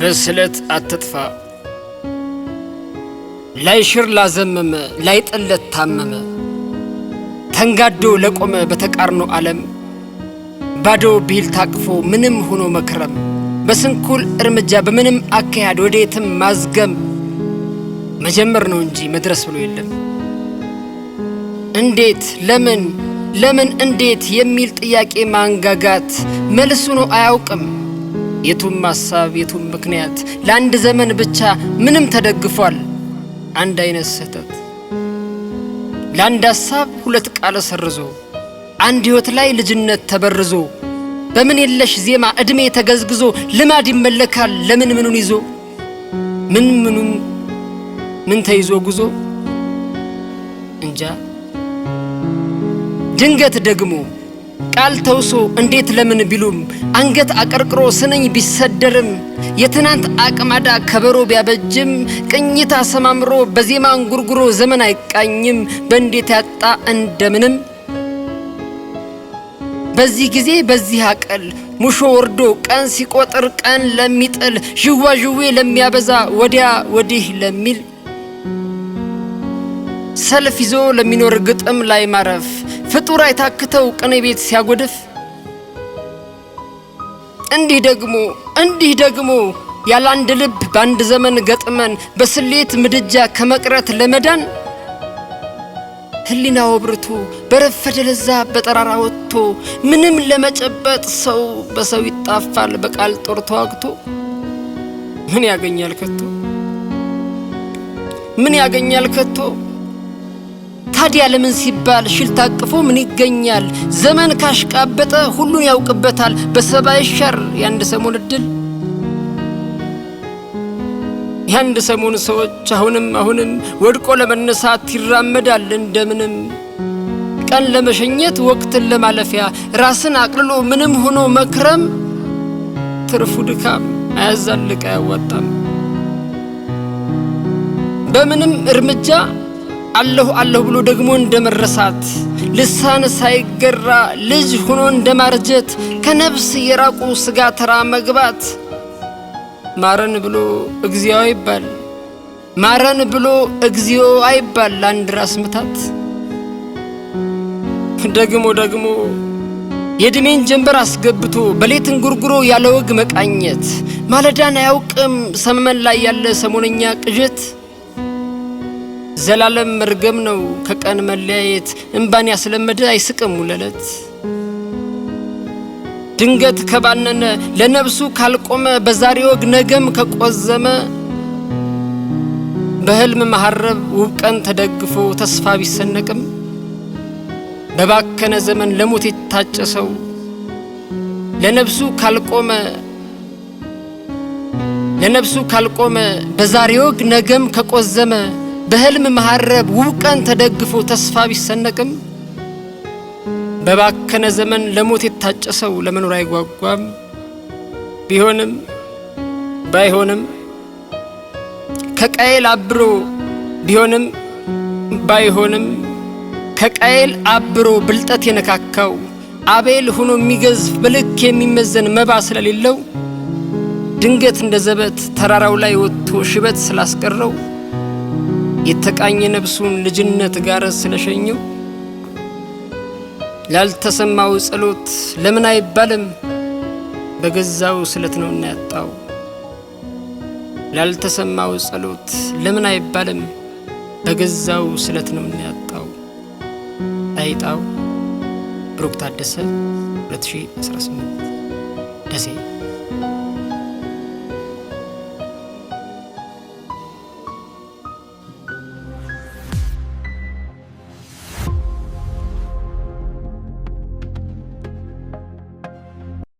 በስለት አትጥፋ ላይ ሽር ላዘመመ ላይ ጥለት ታመመ ተንጋዶ ለቆመ በተቃርኖ ዓለም ባዶ ቢል ታቅፎ ምንም ሆኖ መክረም በስንኩል እርምጃ በምንም አካሄድ ወደ ማዝገም መጀመር ነው እንጂ መድረስ ብሎ የለም። እንዴት፣ ለምን፣ ለምን፣ እንዴት የሚል ጥያቄ ማንጋጋት ነው። አያውቅም። የቱም ሐሳብ የቱም ምክንያት ለአንድ ዘመን ብቻ ምንም ተደግፏል። አንድ አይነት ስህተት ለአንድ ሀሳብ ሁለት ቃል ሰርዞ አንድ ሕይወት ላይ ልጅነት ተበርዞ በምን የለሽ ዜማ ዕድሜ ተገዝግዞ ልማድ ይመለካል ለምን ምኑን ይዞ ምን ምኑን? ምን ተይዞ ጉዞ እንጃ። ድንገት ደግሞ ቃል ተውሶ እንዴት ለምን ቢሉም አንገት አቀርቅሮ ስነኝ ቢሰደርም የትናንት አቅማዳ ከበሮ ቢያበጅም ቅኝት አሰማምሮ በዜማ እንጉርጉሮ ዘመን አይቃኝም በእንዴት ያጣ እንደምንም በዚህ ጊዜ በዚህ አቀል ሙሾ ወርዶ ቀን ሲቆጥር ቀን ለሚጥል ዥዌ ለሚያበዛ ወዲያ ወዲህ ለሚል ሰልፍ ይዞ ለሚኖር ግጥም ላይ ማረፍ ፍጡር አይታክተው ቅኔ ቤት ሲያጎድፍ እንዲህ ደግሞ እንዲህ ደግሞ ያለ አንድ ልብ በአንድ ዘመን ገጥመን በስሌት ምድጃ ከመቅረት ለመዳን ህሊና ወብርቶ በረፈደ ለዛ በጠራራ ወጥቶ ምንም ለመጨበጥ ሰው በሰው ይጣፋል በቃል ጦር ተዋግቶ ምን ያገኛል ከቶ ምን ያገኛል ከቶ ታዲያ ለምን ሲባል ሽል ታቅፎ ምን ይገኛል? ዘመን ካሽቃበጠ ሁሉን ያውቅበታል። በሰባይ ሸር የአንድ ሰሞን እድል የአንድ ሰሞን ሰዎች አሁንም አሁንም ወድቆ ለመነሳት ይራመዳል እንደምንም ቀን ለመሸኘት ወቅትን ለማለፊያ ራስን አቅልሎ ምንም ሆኖ መክረም ትርፉ ድካም አያዛልቅ አያዋጣም። በምንም እርምጃ አለሁ አለሁ ብሎ ደግሞ እንደ መረሳት ልሳን ሳይገራ ልጅ ሆኖ እንደ ማርጀት ከነፍስ የራቁ ስጋ ተራ መግባት ማረን ብሎ እግዚኦ ይባል። ማረን ብሎ እግዚኦ አይባል ለአንድ ራስ ምታት ደግሞ ደግሞ የእድሜን ጀንበር አስገብቶ በሌት እንጉርጉሮ ያለ ወግ መቃኘት ማለዳን አያውቅም ሰመመን ላይ ያለ ሰሞነኛ ቅዠት ዘላለም መርገም ነው ከቀን መለያየት እንባን ያስለመደ አይስቅም ውለለት ድንገት ከባነነ ለነብሱ ካልቆመ በዛሬ ወግ ነገም ከቆዘመ በህልም መሐረብ ውብ ቀን ተደግፎ ተስፋ ቢሰነቅም በባከነ ዘመን ለሞት የታጨ ሰው ለነብሱ ካልቆመ ለነብሱ ካልቆመ በዛሬ ወግ ነገም ከቆዘመ በህልም መሐረብ ውብ ቀን ተደግፎ ተስፋ ቢሰነቅም በባከነ ዘመን ለሞት የታጨ ሰው ለመኖር አይጓጓም። ቢሆንም ባይሆንም ከቃየል አብሮ ቢሆንም ባይሆንም ከቃየል አብሮ ብልጠት የነካካው አቤል ሆኖ የሚገዝፍ በልክ የሚመዘን መባ ስለሌለው ድንገት እንደ ዘበት ተራራው ላይ ወጥቶ ሽበት ስላስቀረው የተቃኘ ነፍሱን ልጅነት ጋር ስለሸኘው ላልተሰማው ጸሎት ለምን አይባልም በገዛው ስለት ነው እና ያጣው ላልተሰማው ጸሎት ለምን አይባልም በገዛው ስለት ነው ያጣው አይጣው ብሩክ ታደሰ 2018 ደሴ